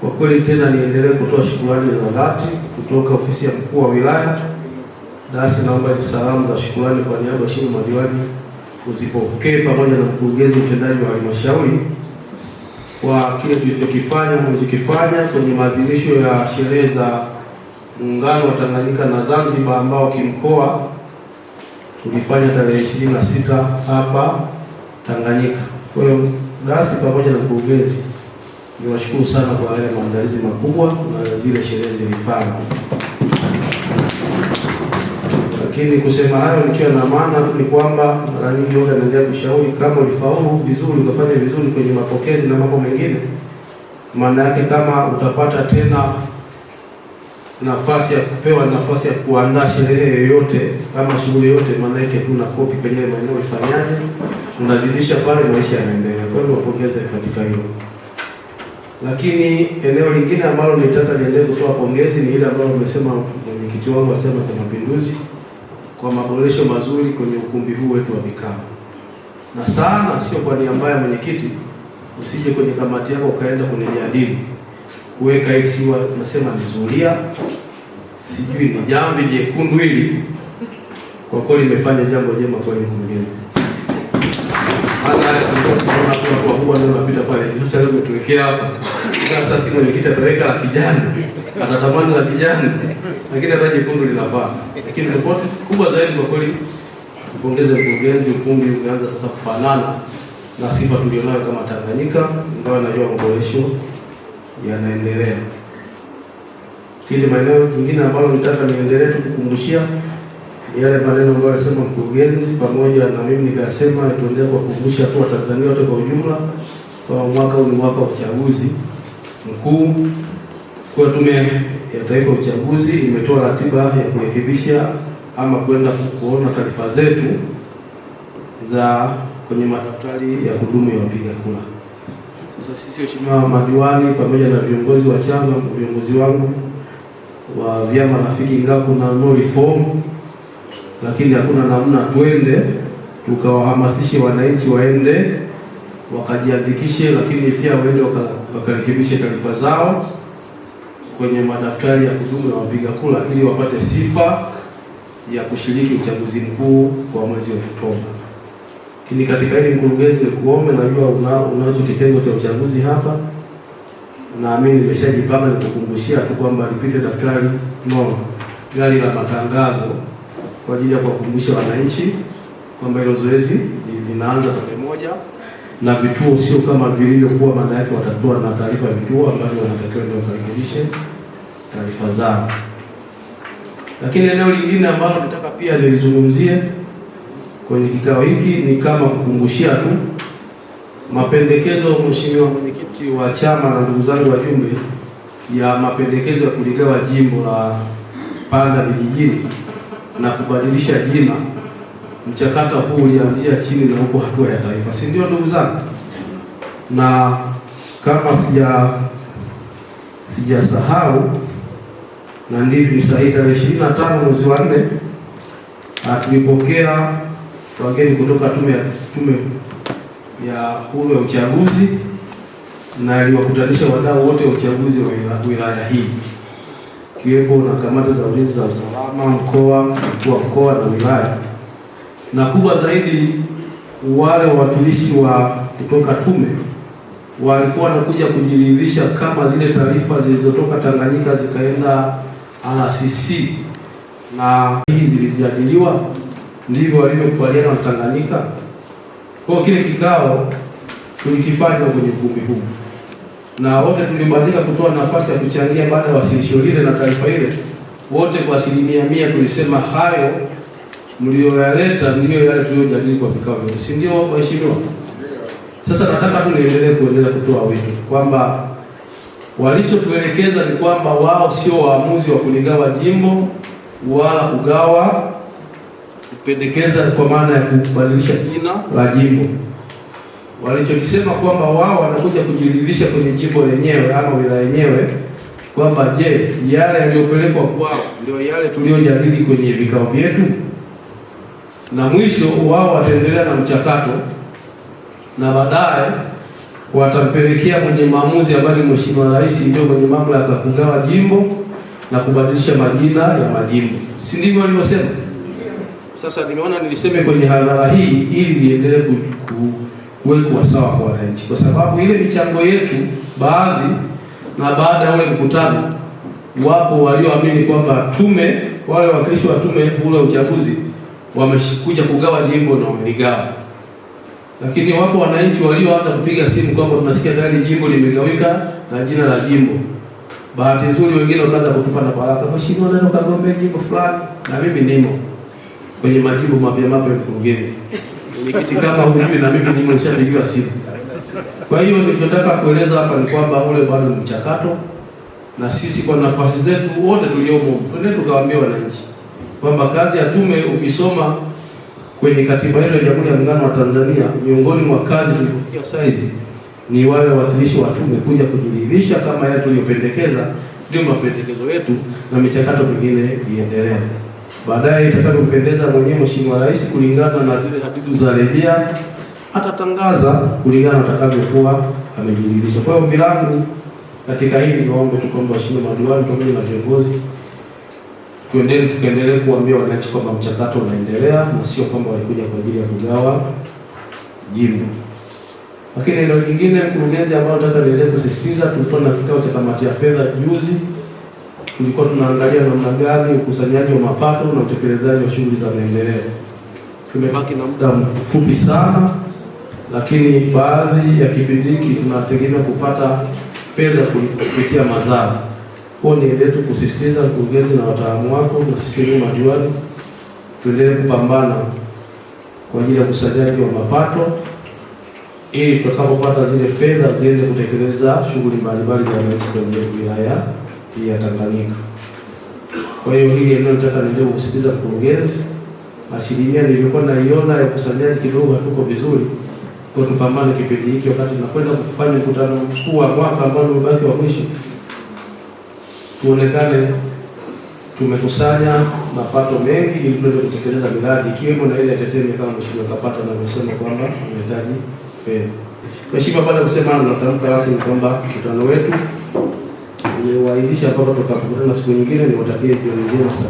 Kwa kweli tena niendelee kutoa shukurani za dhati kutoka ofisi ya mkuu wa wilaya, nasi naomba hizi salamu za shukurani kwa niaba ya mheshimiwa madiwani uzipokee pamoja na mkurugenzi mtendaji wa halmashauri kwa kile tulichokifanya mlichokifanya kwenye maadhimisho ya sherehe za muungano wa Tanganyika na Zanzibar ambao kimkoa tulifanya tarehe ishirini na sita hapa Tanganyika. Kwa hiyo dasi pamoja na mkurugenzi Niwashukuru sana kwa yale maandalizi makubwa na zile sherehe zilifanya, lakini kusema hayo nikiwa na maana tu ni kwamba mara nyingi huwa naendelea kushauri, kama ulifaulu vizuri ukafanya vizuri kwenye mapokezi na mambo mengine, maana yake kama utapata tena nafasi ya kupewa nafasi ya kuandaa sherehe yoyote kama shughuli yoyote, maana yake tu na kwenye maeneo ifanyaje, unazidisha pale, maisha yanaendelea. Kwa hiyo wapongeze katika hiyo lakini eneo lingine ambalo nitaka niendelee kutoa pongezi ni ile ambayo umesema mwenyekiti wangu wa Chama cha Mapinduzi kwa maboresho mazuri kwenye ukumbi huu wetu wa vikao, na sana sio kwa niamba ya mwenyekiti, usije kwenye kamati yako ukaenda kunijadili kuweka siwa, nasema nizuria, sijui ni jamvi jekundu hili. Kwa kweli imefanya jambo jema kwa mkurugenzi tunaona kwa kubwa ndio unapita pale. Sasa leo umetuwekea hapa. Sasa si mwenyekiti ataweka la kijani. Atatamani la kijani. Lakini hata jekundu linafaa. Lakini tofauti kubwa zaidi kwa kweli mpongeze mkurugenzi, ukumbi umeanza sasa kufanana na sifa tulionayo kama Tanganyika, ingawa najua maboresho yanaendelea. Kile maeneo kingine ambayo nitaka niendelee tukukumbushia yale maneno ambayo alisema mkurugenzi pamoja na mimi nikasema, tuendelee kuwakumbusha tu Watanzania wote kwa ujumla kwa mwaka huu ni mwaka wa uchaguzi mkuu. Kwa Tume ya Taifa ya Uchaguzi imetoa ratiba ya kurekebisha ama kwenda kuona taarifa zetu za kwenye madaftari ya kudumu ya wapiga kura. Sasa sisi waheshimiwa madiwani pamoja na viongozi wa chama, viongozi wangu wa vyama rafiki, ingawa kuna no reform lakini hakuna namna, tuende tukawahamasishe wananchi waende wakajiandikishe, lakini pia waende wakarekebishe taarifa zao kwenye madaftari ya kudumu ya wapiga kura ili wapate sifa ya kushiriki uchaguzi mkuu wa mwezi wa Oktoba. Lakini katika hili mkurugenzi, kuombe, najua una, unacho kitengo cha uchaguzi hapa, naamini nimeshajipanga nikukumbushia tu kwamba lipite daftari no gari la matangazo kwa ajili ya kuwakumbusha wananchi kwamba hilo zoezi linaanza tarehe moja na vituo sio kama vilivyokuwa, maana yake watatoa na taarifa ya vituo ambavyo wanatakiwa ndio kurekebisha taarifa zao. Lakini eneo lingine ambalo nataka pia nilizungumzie kwenye kikao hiki ni kama kukumbushia tu mapendekezo, mheshimiwa mwenyekiti wa chama na ndugu zangu wajumbe, ya mapendekezo ya kuligawa jimbo la Mpanda vijijini na kubadilisha jina, mchakato huu ulianzia chini na huko hatua ya taifa, si ndio ndugu zangu? Na kama sija sijasahau na ndivyo ni sahihi, tarehe ishirini na tano mwezi wa nne tulipokea wageni kutoka tume tume ya huru ya uchaguzi na iliwakutanisha wadau wote wa uchaguzi wa wilaya hii zikiwepo na kamati za ulinzi za usalama mkoa, mkuu wa mkoa na wilaya, na kubwa zaidi wale wawakilishi wa kutoka tume walikuwa wanakuja kujiridhisha kama zile taarifa zilizotoka Tanganyika zikaenda RCC na hizi zilijadiliwa, ndivyo walivyokubaliana na Tanganyika. Kwa kile kikao tulikifanya kwenye ukumbi huu na wote tulibadilika kutoa nafasi ya kuchangia baada ya wasilisho lile na taarifa ile. Wote kwa asilimia mia tulisema hayo mlioyaleta ndiyo yale tuliyojadili kwa vikao vyote, si ndio waheshimiwa? Sasa nataka tu niendelee kuendelea kutoa wito kwamba walichotuelekeza ni kwamba wao sio waamuzi wa kuligawa jimbo wala kugawa kupendekeza kwa maana ya kubadilisha jina la jimbo walichokisema kwamba wao wanakuja kujiridhisha kwenye jimbo lenyewe ama wilaya yenyewe kwamba je, yale yaliyopelekwa kwao ndio yale tuliyojadili kwenye vikao vyetu, na mwisho wao wataendelea na mchakato na baadaye watampelekea mwenye maamuzi ambaye ni Mheshimiwa Rais, ndio mwenye mamlaka kugawa jimbo na kubadilisha majina ya majimbo, si ndivyo walivyosema? Sasa nimeona niliseme kwenye hadhara hii ili liendelee ku kuwekwa sawa kwa wananchi, kwa sababu ile michango yetu baadhi, na baada ya ule mkutano, wapo walioamini kwamba tume, wale wawakilishi wa tume ule uchaguzi wamekuja kugawa jimbo na wameligawa, lakini wapo wananchi walio hata kupiga simu kwamba tunasikia tayari jimbo limegawika na jina la jimbo. Bahati nzuri wengine wakaanza kutupa na baraka, mheshimiwa, nenda kagombea jimbo fulani, na mimi nimo kwenye majimbo mapya mapya ya mkurugenzi mwenyekiti, kama na mimi nimo nishapijua simu. Kwa hiyo nilichotaka kueleza hapa ni kwamba ule bado ni mchakato, na sisi kwa nafasi zetu wote tuliomo, twende tukawaambia wananchi kwamba kazi ya tume, ukisoma kwenye katiba yetu ya Jamhuri ya Muungano wa Tanzania, miongoni mwa kazi tulipofikia saizi ni wale wawakilishi wa tume kuja kujiridhisha kama yale tuliyopendekeza ndio mapendekezo yetu, na michakato mingine iendelee. Baadaye itataka kupendeza mwenyewe Mheshimiwa Rais kulingana na zile hadidu za rejea, atatangaza kulingana atakavyokuwa amejiridhisha. Kwa hiyo ombi langu katika hili niwaombe tu kwamba waheshimiwa madiwani pamoja na viongozi tuendele tukaendelee kuambia wananchi kwamba mchakato unaendelea na sio kwamba walikuja kwa ajili ya kugawa jimbo. Lakini eneo lingine, mkurugenzi, ambayo sasa niendelee kusisitiza, tulikuwa na kikao cha kamati ya fedha juzi tulikuwa tunaangalia namna gani ukusanyaji wa mapato na utekelezaji wa shughuli za maendeleo. Tumebaki na muda mfupi sana, lakini baadhi ya kipindi hiki tunategemea kupata fedha kupitia mazao. Kwa ni letu kusisitiza mkurugenzi na wataalamu wako na sisi madiwani tuendelee kupambana kwa ajili ya ukusanyaji wa mapato ili tutakapopata zile fedha ziende kutekeleza shughuli mbalimbali za wananchi kwenye wilaya ya Tanganyika. Kwa hiyo hili nataka nijue kusikiliza mkurugenzi, asilimia nilikuwa naiona ya ukusanyaji kidogo hatuko vizuri, kwa tupambane kipindi hiki, wakati tunakwenda kufanya mkutano mkuu wa mwaka ambao umebaki wa mwisho, tuonekane tumekusanya mapato mengi ili tuweze kutekeleza miradi ikiwemo na ile ya Tetemi kama Mheshimiwa Kapata anavyosema kwamba unahitaji fedha. Mheshimiwa baada ya kusema, natamka rasmi kwamba mkutano wetu nimewailisha kwamba tutakapokutana siku nyingine, niwatakie jioni njema.